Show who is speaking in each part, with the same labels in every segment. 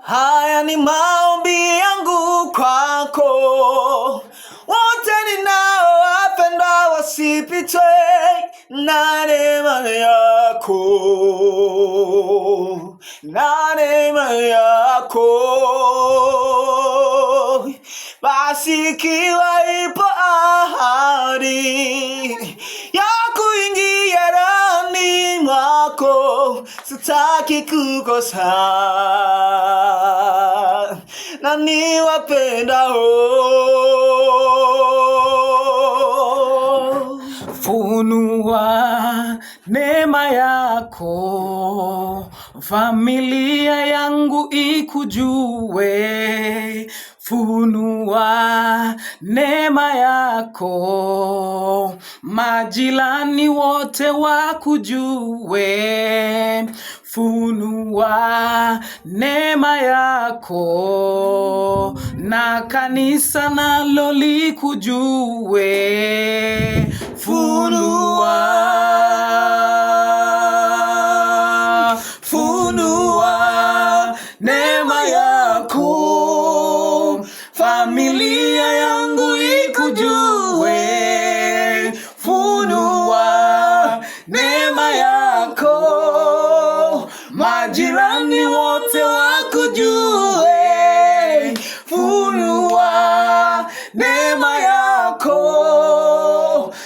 Speaker 1: Haya ni maombi yangu kwako, wote ninaowapenda wasipitwe na neema yako, na neema yako basi ikiwa ipo sitaki kukosa na ni wapendao.
Speaker 2: Funua neema yako, familia yangu ikujue Funua neema yako, majirani wote wakujue. Funua neema yako, na kanisa nalo likujue. Funua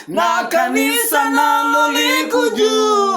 Speaker 2: na kanisa nalo liko